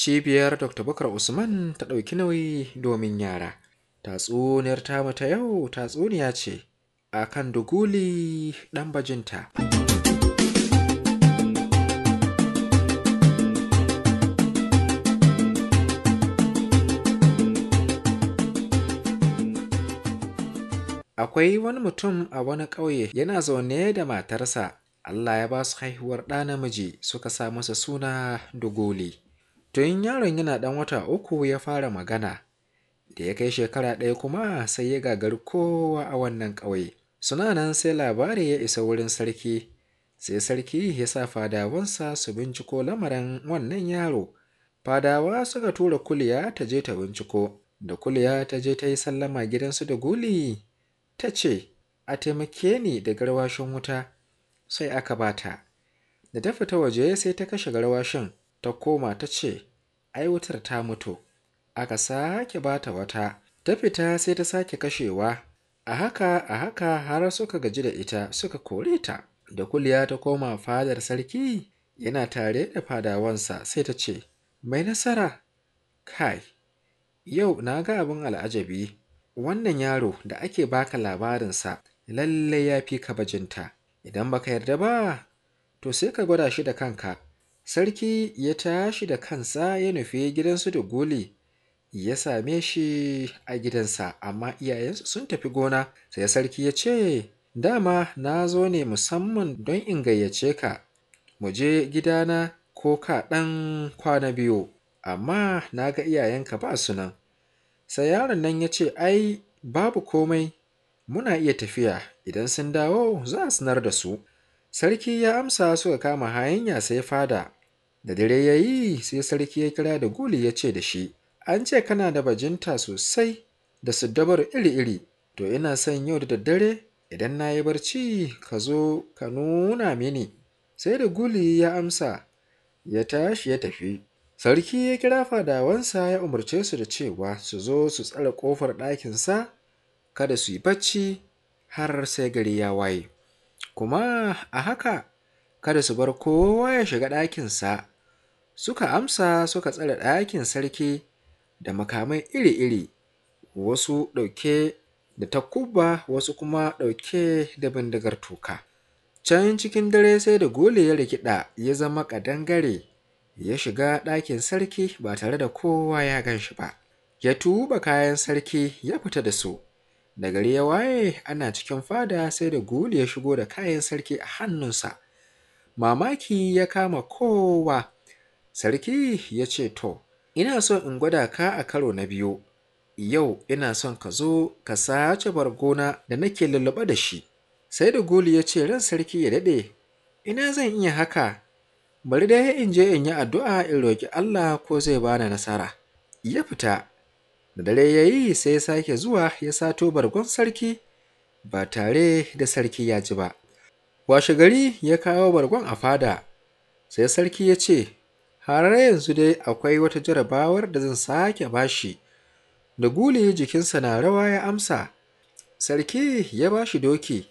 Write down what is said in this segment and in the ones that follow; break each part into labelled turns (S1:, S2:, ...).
S1: cibiyar dr bakar usman ta ɗauki nauyi domin yara tatsuniyar tamu ta yau tatsuniya ce a kan duguli ɗan bajinta akwai wani mutum a wani ƙauye yana zaune da matarsa allah ya ba su haihuwar ɗa namiji suka sa masa suna duguli Tun yaron yana ɗan wata uku ya fara magana, da ya kai shekara ɗaya kuma sai ya gagari kowa a wannan ƙauye. Suna nan sai labari ya isa wurin sarki, sai sarki ya sa fadawansa su binciko lamarin wannan yaro. Fadawa suka tura kuliya ta je ta binciko, da kuliya ta je ta yi sallama gidansu da guli, ta ce, A taimake ni da garwashin wuta, sai aka bata. Da ta fita waje sai ta kashe garwashin. ta koma ta ce ai wutar ta mutu aka sake ba ta wata ta fita sai ta sake kashewa a haka a haka har suka gaji da ita suka kore ta da kuliya ta koma fadar sarki yana tare da fadawansa sai ta ce mai nasara kai yau na ga abin al'ajabi wannan yaro da ake baka labarinsa lalle ya fi ka bajinta idan baka yarda ba to sai ka gwada shi da kanka Sarki ya tashi da kansa ya nufi gidansu da goli ya same shi a gidansa, amma iyayensu sun tafi gona, sai sarki ya ce, Dama na zo ne musamman don in gayyace ka, mu je gidana ko ka ɗan kwana biyu, amma na ga iyayenka ba su nan. Sai yaron nan ya ce, Ai, babu komai, muna iya tafiya, idan sun dawo za a sanar da su. Sarki ya amsa suka kama hanya sai fada, da dare ya yi sai sarki ya kira da guli ya ce da shi, An ce kana da bajinta sosai da su dabar iri-iri, to ina son yau da daddare idan na yi barci ka zo ka nuna mini. Sai da guli ya amsa, ya tashi ya tafi. Sarki ya kira fadawansa ya umarce su da cewa su zo su tsara ƙofar ɗakinsa, kada su yi bacci har sai gari ya waye. kuma a haka kada su bar kowa ya shiga ɗakinsa suka amsa suka tsare ɗakin sarki da makamai iri-iri wasu ɗauke da takuba wasu kuma ɗauke da bindigar toka can cikin dare sai da gole ya rikida ya zama ƙadangare ya shiga ɗakin sarki ba tare da kowa ya gan shi ba ya tuba kayan sarki ya fita da su Da gari ya waye ana cikin fada sai da Guli ya shigo da kayan sarki a hannunsa. Mamaki ya kama kowa. Sarki ya ce to, ina so in gwada ka a karo na biyu. Yau ina son ka zo ka sace bargona da nake lullube da shi. Sai da Guli ya ce ran sarki ya daɗe, ina zan iya haka, bari dai in je in yi addu'a in roƙi Allah ko zai bani nasara. Ya fita da dare ya yi sai ya sake zuwa ya sato bargon sarki ba tare da sarki ya ji ba washe gari ya kawo bargon a fada sai sarki ya ce harar yanzu dai akwai wata jarabawar da zan sake bashi da gule jikinsa na rawa ya amsa sarki ya bashi doki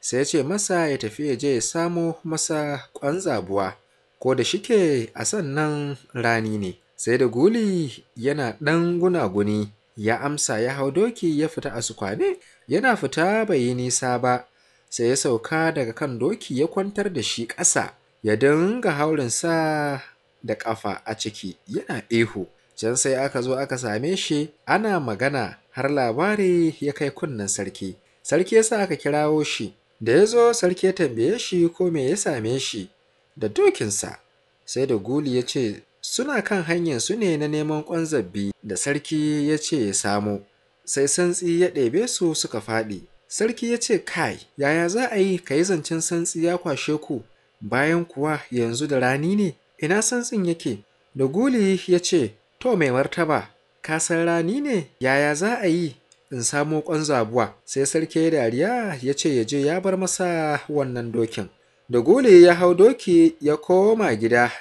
S1: sai ya ce masa ya tafi ya je ya samo masa ƙwan zabuwa ko da shike a sannan rani ne sai da guli yana ɗan gunaguni ya amsa ya hau doki ya fita a sukwane yana fita bai yi nisa ba sai ya sauka daga kan doki ya kwantar da shi ƙasa ya dinga haurinsa da ƙafa a ciki yana ihu can sai aka zo aka same shi ana magana har labari ya kai kunnen sarki sarki ya sa aka kirawo shi da ya zo sarki ya tambaye shi ko me ya same shi da dokinsa sai da guli ya ce suna kan hanyar su ne na neman ƙwan da sarki ya ce ya samo sai santsi ya ɗebe su suka faɗi sarki ya ce kai yaya za a yi ka yi zancen santsi ya kwashe ku bayan kuwa yanzu da rani ne ina santsin yake da guli ya ce to mai martaba ka san rani ne yaya za a yi in samo ƙwan zabuwa sai sarki dariya ya ce ya je ya bar masa wannan dokin da guli ya hau doki ya koma gida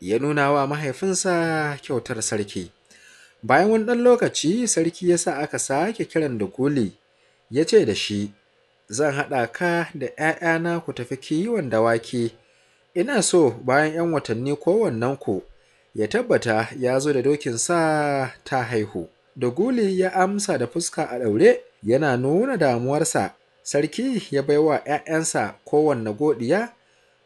S1: ya nuna wa mahaifinsa kyautar sarki bayan wani ɗan lokaci sarki ya sa aka sake kiran da guli ya ce da shi zan haɗa ka da ‘ya'yana ku tafi kiwon dawaki ina so bayan ‘yan watanni ku. ya tabbata ya zo da dokin sa ta haihu da guli ya amsa da fuska a ɗaure yana nuna damuwarsa sarki ya bai wa ‘ya'yansa kowanne godiya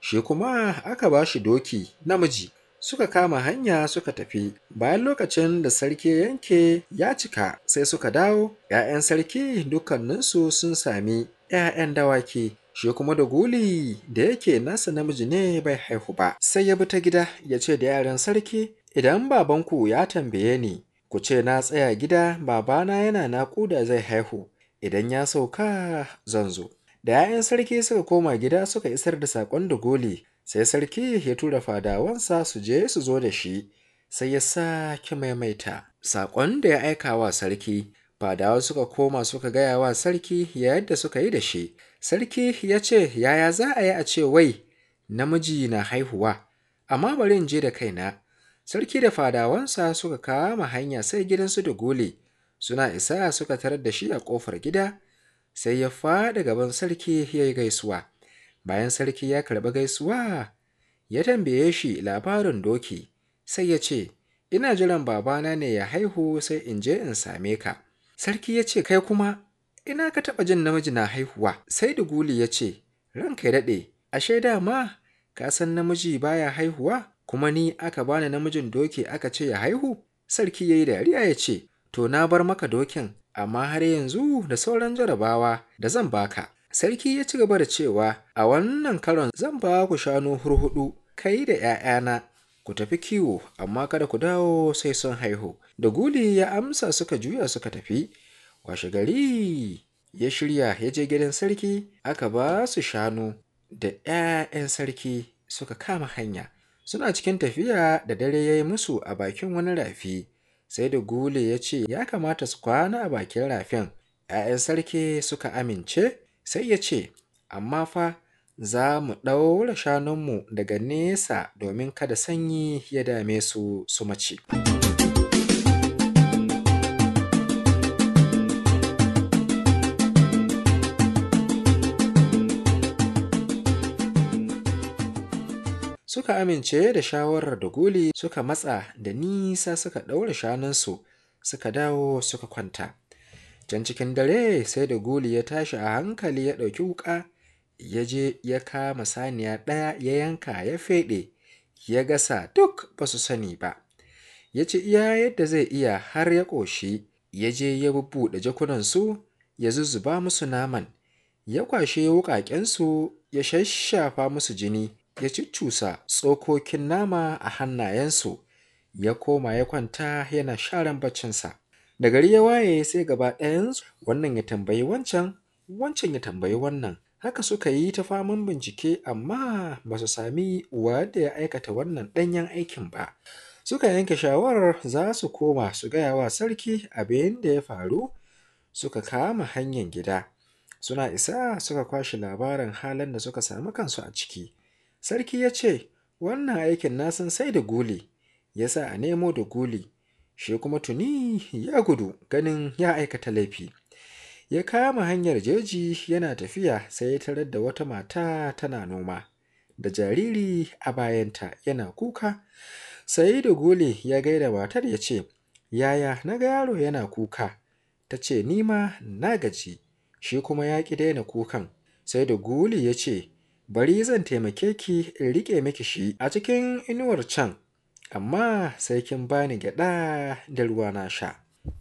S1: shi kuma aka ba shi doki namiji suka kama hanya suka tafi bayan lokacin da sarki yanke ya cika sai suka dawo ‘ya'yan sarki dukkaninsu sun sami ‘ya'yan dawaki shi kuma da guli da yake nasa namiji ne bai haihu ba sai ya bi ta gida ya ce da yaran sarki idan babanku ya tambaye ni ku ce na tsaya gida babana yana naƙuda zai haihu idan ya sauka zan zo da ‘ya'yan sarki suka koma gida suka isar da saƙon da guli sai sarki ya tura fadawansa su je su zo da shi sai ya sa sake maimaita saƙon da ya aika wa sarki fadawa suka koma suka gaya wa sarki yadda suka yi da shi sarki ya ce yaya za a yi a ce wai namiji na haihuwa amma bari in je da kaina sarki da fadawansa suka kama hanya sai gidansu da gole suna isa suka tarar da shi a ƙofar gida sai ya faɗi gaban sarki ya yi gaisuwa Bayan sarki ya karɓi gaisuwa, ya tambaye shi labarin doki, sai ya ce, Ina jiran babana ne ya haihu sai in je in same ka. Sarki ya ce, Kai kuma, ina ka taɓa jin namiji na haihuwa? Sai Duguli ya ce, Ranka ya daɗe, ashe ma, ka san namiji baya haihuwa? Kuma ni aka bani namijin doki aka ce ya haihu? Sarki ya yi dariya ya ce, To, na bar maka dokin, amma har yanzu da sauran jarabawa da zan baka. Sarki ya ci gaba da cewa, A wannan karon zan ba ku shanu hurhudu kai da ‘ya'yana, ku tafi kiwo, amma kada ku dawo sai sun haihu. Da guli ya amsa suka juya suka tafi, washe gari ya shirya ya je gidan sarki, aka ba su shanu da ‘ya'yan sarki suka kama hanya. Suna cikin tafiya da dare ya yi musu a bakin wani rafi, sai da guli ya ce ya kamata su kwana a bakin rafin. ‘Ya'yan sarki suka amince, Sai ya ce, amma fa za mu ɗaura shanunmu daga nesa domin kada sanyi ya dame su su mace. Suka amince da shawarar da guli suka matsa da nisa suka ɗaura shanunsu suka dawo suka kwanta. Can cikin dare sai da Guli ya tashi a hankali ya ɗauki wuƙa ya je ya kama saniya ɗaya ya yanka ya feɗe ya gasa duk ba su sani ba. Ya ci iya yadda zai iya har ya ƙoshi ya je ya bubbuɗe jakunansu ya zuzzuba musu naman ya kwashe wuƙaƙensu ya shashafa musu jini ya cuccusa tsokokin nama a hannayensu ya koma ya kwanta yana sharan baccinsa. Da gari ya waye sai gaba ɗayansu wannan ya tambayi wancan, wancan ya tambayi wannan. Haka suka yi ta faman bincike amma ba su sami da ya aikata wannan ɗanyen aikin ba. Suka yanke shawarar za su koma su gaya wa sarki abin da ya faru suka kama hanyar gida. Suna isa suka kwashe labarin halin da suka sami kansu a ciki. Sarki ya ce, Wannan aikin na sai da guli, ya sa a nemo da guli. shi kuma tuni ya gudu ganin ya aikata laifi ya kama hanyar jeji yana tafiya sai ya tarar da wata mata tana noma da jariri a bayanta yana kuka sai da gole ya gaida matar ya ce yaya na ga yaro yana kuka ta ce ni ma na gaji shi kuma ya ƙi daina kukan sai da guli ya ce bari zan taimake ki in riƙe miki shi a cikin inuwar can amma sai kin bani gyaɗa da ruwa na sha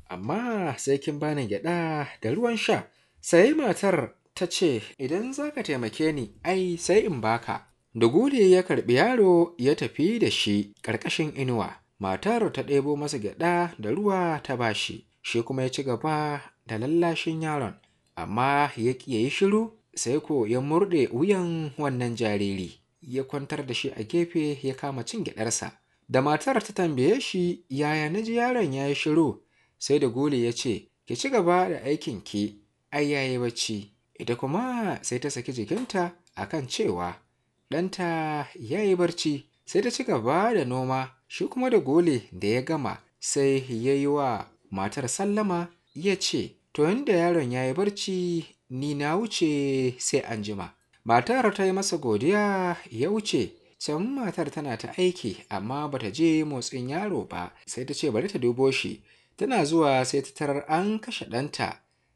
S1: amma sai kin bani gyaɗa da ruwan sha sai matar ta ce idan za ka taimake ni ai sai in baka da gode ya karɓi yaro ya tafi da shi ƙarƙashin inuwa matar ta ɗebo masa gyaɗa da ruwa ta bashi shi kuma ya ci gaba da lallashin yaron amma ya ƙi yi shiru sai ko ya murɗe wuyan wannan jariri ya kwantar da shi a gefe ya kama cin gyaɗarsa Da matar ta tambaye shi, ‘Yaya na ji yaron ya yi shiru?’ sai da gole ya ce, Ki ci gaba da aikin ki ai ya yi bacci. Ita kuma sai ta saki jikinta a kan cewa, Ɗanta ya yi barci, sai ta ci gaba da noma, shi kuma da gole da ya gama sai ya yi wa matar sallama ya ce, To inda yaron ya yi barci, ni na wuce sai an jima. Matar ta yi masa godiya ya wuce. can matar tana ta aiki amma bata je motsin yaro ba sai ta ce bari ta dubo shi tana zuwa sai ta tarar an kashe ɗanta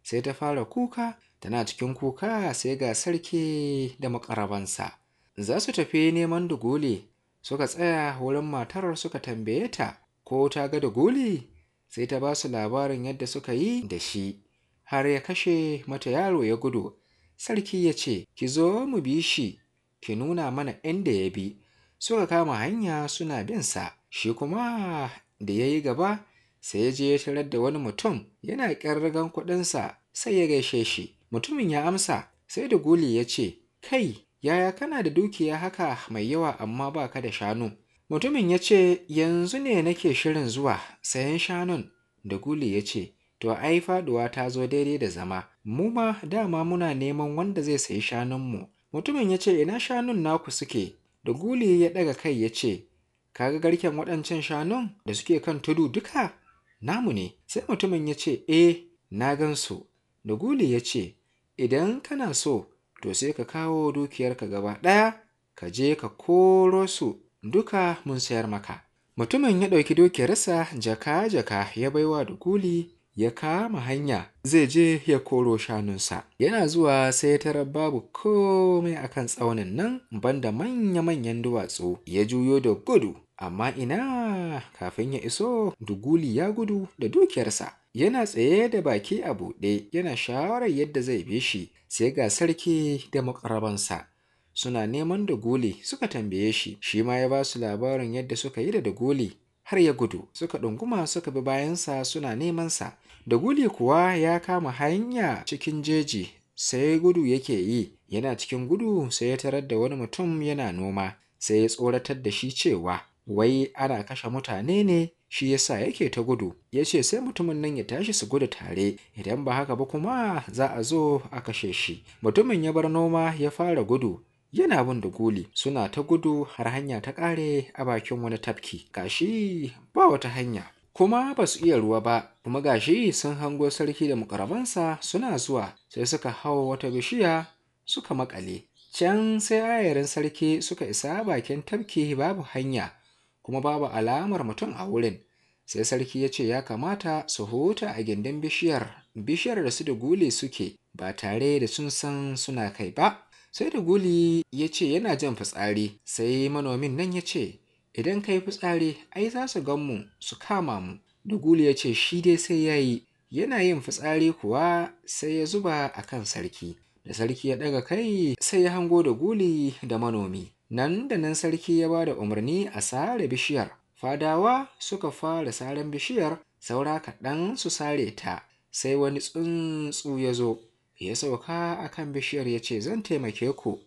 S1: sai ta fara kuka tana cikin kuka sai ga sarki da makarabansa za su tafi neman duguli suka tsaya wurin matar suka tambaye ta ko ta ga duguli sai ta ba su labarin yadda suka yi da shi har ya kashe mata yaro ya gudu sarki ya ce ki zo mu bi shi ki nuna mana inda ya bi suka kama hanya suna bin sa shi kuma da ya yi gaba sai ya je ya tarar da wani mutum yana ƙyarragan kuɗinsa sai ya gaishe shi mutumin ya amsa sai da guli ya ce kai yaya kana da dukiya haka mai yawa amma ba ka da shanu mutumin ya ce yanzu ne nake shirin zuwa sayan shanun da guli ya ce to ai faduwa ta zo daidai da zama mu ma dama muna neman wanda zai sayi shanunmu Mutumin ya ce, Ina shanun naku suke? Da guli ya ɗaga kai ya ce, Kaga garken waɗancan shanun da suke kan tudu duka? Namu ne. Sai mutumin ya ce, E, na su. Da guli ya ce, Idan kana so, to sai ka kawo dukiyarka gaba ɗaya, ka je ka koro su duka mun sayar maka. Mutumin ya ɗauki dukiyarsa jaka-jaka ya baiwa da guli ya kama hanya zai je ya koro shanunsa yana zuwa sai ya tarar babu komai a kan tsaunin nan banda manya-manyan duwatsu ya juyo da gudu amma ina kafin ya iso duguli ya gudu da dukiyarsa yana tsaye da baki a buɗe yana shawarar yadda zai bi shi sai ga sarki da makarabansa suna neman duguli suka tambaye shi shi ma ya ba su labarin yadda suka yi da duguli har ya gudu suka ɗunguma suka bi bayansa suna neman sa. da guli kuwa ya kama hanya cikin jeji sai gudu yake yi yana cikin gudu sai ya tarar da wani mutum yana noma sai ya tsoratar da shi cewa wai ana kashe mutane ne shi yasa yake ta gudu ya ce sai mutumin nan ya tashi su gudu tare idan ba haka ba kuma za a zo a kashe shi mutumin ya bar noma ya fara gudu yana bin da guli suna ta gudu har hanya ta ƙare a bakin wani tafki kashi ba wata hanya kuma ba su iya ruwa ba kuma gashi sun hango sarki da mukarabansa suna zuwa sai suka hau wata bishiya suka makale can sai ayarin sarki suka isa bakin tafki babu hanya kuma babu alamar mutum a wurin sai sarki ya ce ya kamata su huta a gindin bishiyar bishiyar da su da guli suke ba tare da sun san suna kai ba sai da guli ya ce yana jan fitsari sai manomin nan ya ce idan ka yi fitsari ai za su ganmu su kama mu da ya ce shi dai sai ya yi yana yin fitsari kuwa sai ya zuba a kan sarki da sarki ya ɗaga kai sai ya hango da guli da manomi nan da nan sarki ya ba da umarni a sare bishiyar fadawa suka fara saren bishiyar saura kaɗan su sare ta sai wani tsuntsu ya zo ya sauka a kan bishiyar ya ce zan taimake ku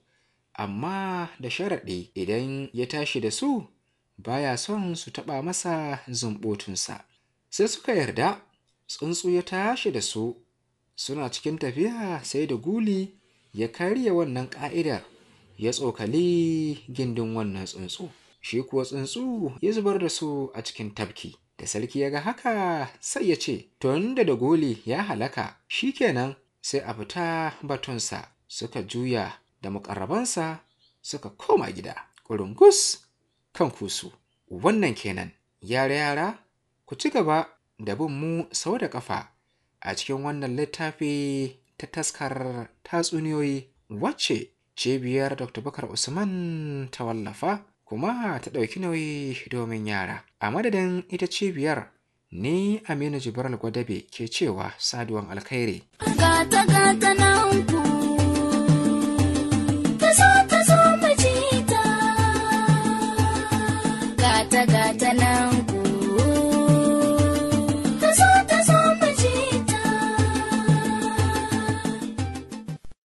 S1: amma da sharaɗi idan ya tashi da su baya son su taɓa masa zumbotunsa sai suka yarda tsuntsu ya tashi da su suna cikin tafiya sai da guli ya kariya wannan ƙa'idar ya tsokali gindin wannan tsuntsu shi kuwa tsuntsu ya zubar da su a cikin tabki. da sarki ya ga haka sai ya ce tunda da goli ya halaka shi kenan sai a fita batunsa suka juya da mukarrabansa suka koma gida ƙurungus kan kusu. Wannan kenan, yara-yara, ku ci gaba da bin mu sau da ƙafa a cikin wannan littafi ta taskar tatsuniyoyi wacce cibiyar Dr. Bakar Usman ta wallafa kuma ta ɗauki nauyi domin yara. A madadin ita cibiyar ni Aminu Jibiral Gwadabe ke cewa saduwan alkhairi. Gata